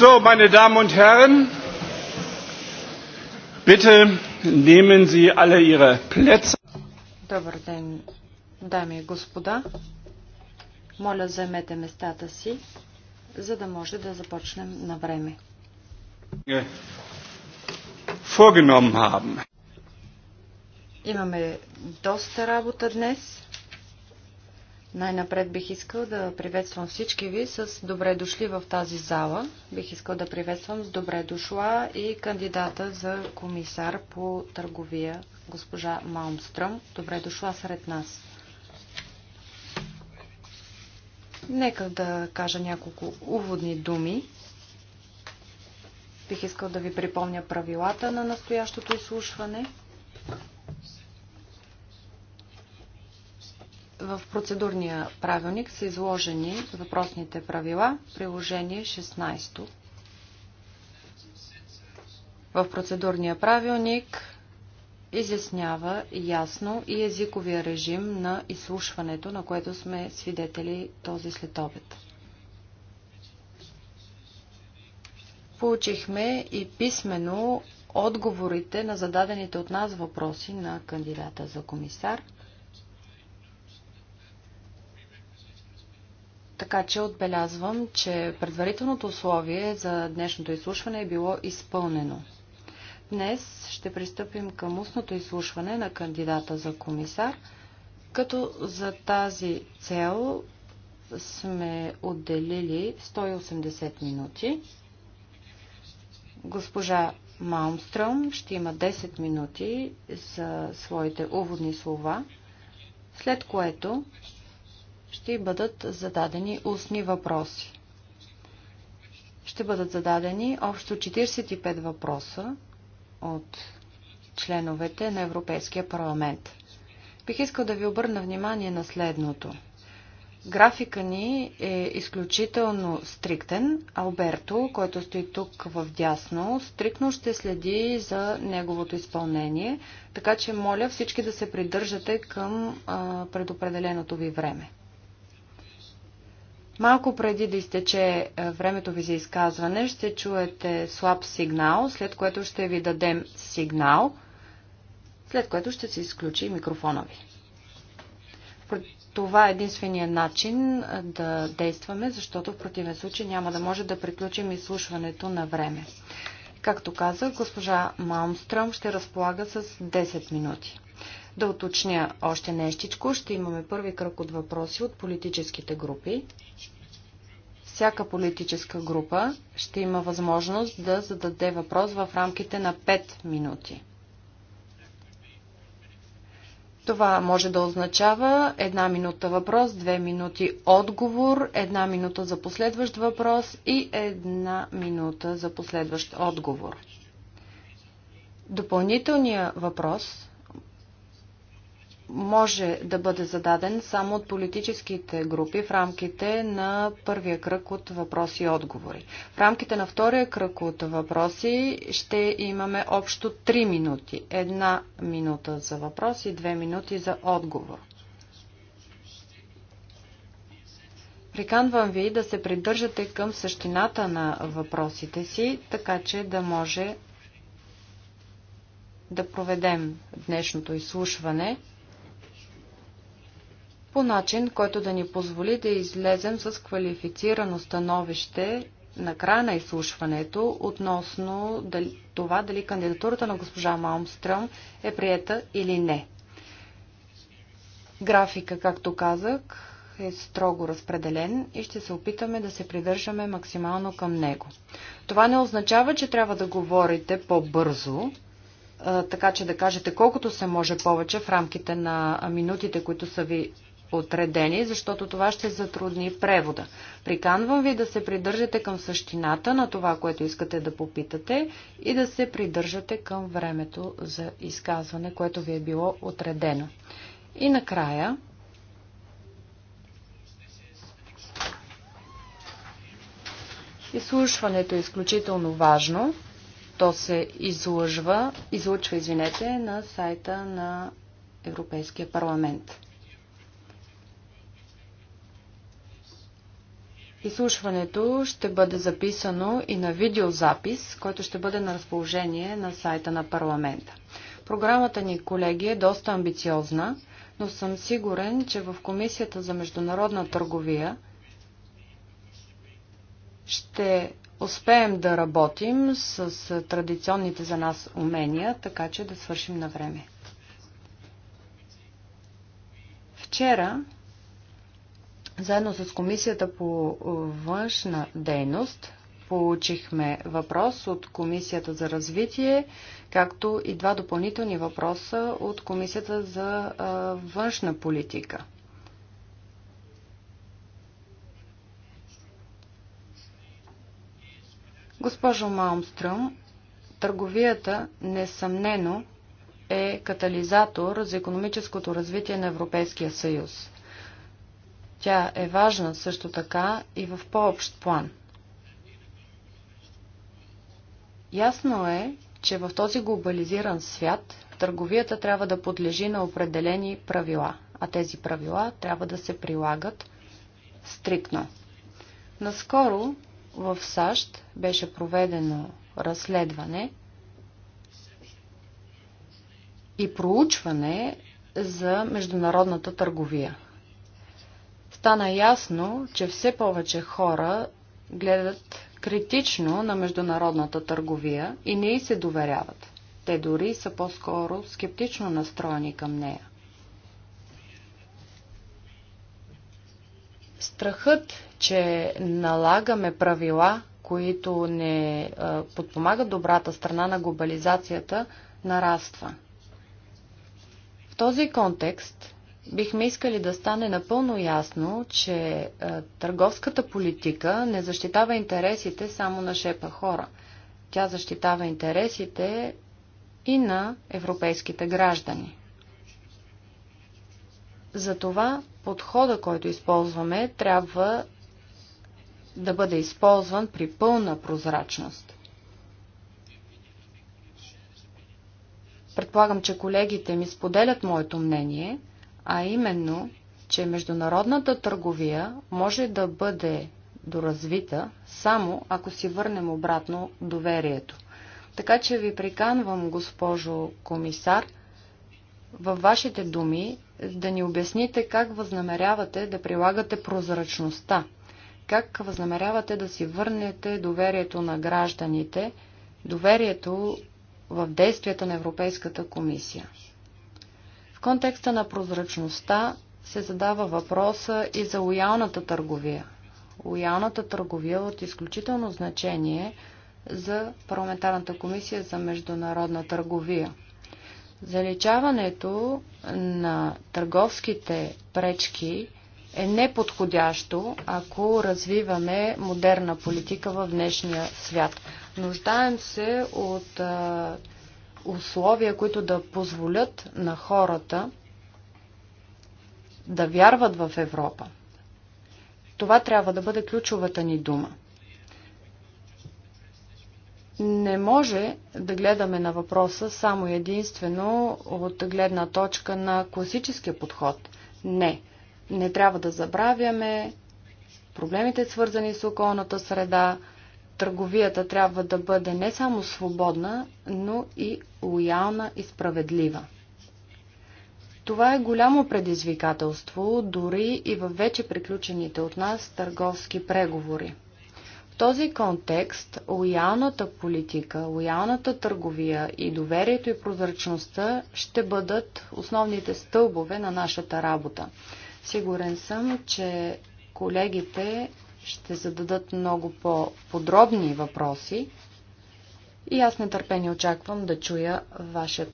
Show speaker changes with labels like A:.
A: So, meine Damen und Herren, bitte nehmen Sie alle Ihre Plätze. Добър ден, дами и господа. Моля, заемете местата си, за да може да започнем на време. Е, Имаме доста работа днес. Най-напред бих искал да приветствам всички ви с добре дошли в тази зала. Бих искал да приветствам с добре дошла и кандидата за комисар по търговия, госпожа Малмстръм. Добре дошла сред нас. Нека да кажа няколко уводни думи. Бих искал да ви припомня правилата на настоящото изслушване. В процедурния правилник са изложени въпросните правила, приложение 16. В процедурния правилник изяснява ясно и езиковия режим на изслушването, на което сме свидетели този следобед. Получихме и писменно отговорите на зададените от нас въпроси на кандидата за комисар – Така че отбелязвам, че предварителното условие за днешното изслушване е било изпълнено. Днес ще пристъпим към устното изслушване на кандидата за комисар, като за тази цел сме отделили 180 минути. Госпожа Маумстръм ще има 10 минути за своите уводни слова, след което ще бъдат зададени устни въпроси. Ще бъдат зададени общо 45 въпроса от членовете на Европейския парламент. Бих искал да ви обърна внимание на следното. Графика ни е изключително стриктен. Алберто, който стои тук в дясно, стриктно ще следи за неговото изпълнение, така че моля всички да се придържате към а, предопределеното ви време. Малко преди да изтече е, времето ви за изказване, ще чуете слаб сигнал, след което ще ви дадем сигнал, след което ще се изключи микрофона ви. Това е единствения начин е, да действаме, защото в противен случай няма да може да приключим изслушването на време. Както казах, госпожа Маумстръм ще разполага с 10 минути. Да уточня още нещичко. Ще имаме първи кръг от въпроси от политическите групи. Всяка политическа група ще има възможност да зададе въпрос в рамките на 5 минути. Това може да означава една минута въпрос, две минути отговор, една минута за последващ въпрос и една минута за последващ отговор. Допълнителният въпрос може да бъде зададен само от политическите групи в рамките на първия кръг от въпроси и отговори. В рамките на втория кръг от въпроси ще имаме общо 3 минути. Една минута за въпрос и две минути за отговор. Приканвам ви да се придържате към същината на въпросите си, така че да може да проведем днешното изслушване по начин, който да ни позволи да излезем с квалифицирано становище на края на изслушването относно дали, това дали кандидатурата на госпожа Малмстръм е приета или не. Графика, както казах, е строго разпределен и ще се опитаме да се придържаме максимално към него. Това не означава, че трябва да говорите по-бързо, така че да кажете колкото се може повече в рамките на минутите, които са ви отредени, защото това ще затрудни превода. Приканвам ви да се придържате към същината на това, което искате да попитате и да се придържате към времето за изказване, което ви е било отредено. И накрая, изслушването е изключително важно. То се излъжва, излъчва извинете, на сайта на Европейския парламент. Изслушването ще бъде записано и на видеозапис, който ще бъде на разположение на сайта на парламента. Програмата ни, колеги, е доста амбициозна, но съм сигурен, че в Комисията за международна търговия ще успеем да работим с традиционните за нас умения, така че да свършим на време. Вчера заедно с Комисията по външна дейност получихме въпрос от Комисията за развитие, както и два допълнителни въпроса от Комисията за външна политика. Госпожо Малмстръм, търговията несъмнено е катализатор за економическото развитие на Европейския съюз. Тя е важна също така и в по-общ план. Ясно е, че в този глобализиран свят търговията трябва да подлежи на определени правила, а тези правила трябва да се прилагат стрикно. Наскоро в САЩ беше проведено разследване и проучване за международната търговия стана ясно, че все повече хора гледат критично на международната търговия и не и се доверяват. Те дори са по-скоро скептично настроени към нея. Страхът, че налагаме правила, които не подпомагат добрата страна на глобализацията, нараства. В този контекст бихме искали да стане напълно ясно, че е, търговската политика не защитава интересите само на шепа хора. Тя защитава интересите и на европейските граждани. Затова подхода, който използваме, трябва да бъде използван при пълна прозрачност. Предполагам, че колегите ми споделят моето мнение – а именно, че международната търговия може да бъде доразвита само ако си върнем обратно доверието. Така че ви приканвам, госпожо комисар, във вашите думи да ни обясните как възнамерявате да прилагате прозрачността, как възнамерявате да си върнете доверието на гражданите, доверието в действията на Европейската комисия. В контекста на прозрачността се задава въпроса и за лоялната търговия. Лоялната търговия е от изключително значение за Парламентарната комисия за международна търговия. Заличаването на търговските пречки е неподходящо, ако развиваме модерна политика в днешния свят. Нуждаем се от условия, които да позволят на хората да вярват в Европа. Това трябва да бъде ключовата ни дума. Не може да гледаме на въпроса само единствено от гледна точка на класическия подход. Не. Не трябва да забравяме проблемите, свързани с околната среда, търговията трябва да бъде не само свободна, но и лоялна и справедлива. Това е голямо предизвикателство, дори и във вече приключените от нас търговски преговори. В този контекст лоялната политика, лоялната търговия и доверието и прозрачността ще бъдат основните стълбове на нашата работа. Сигурен съм, че колегите ще зададат много по-подробни въпроси и аз нетърпение очаквам да чуя вашият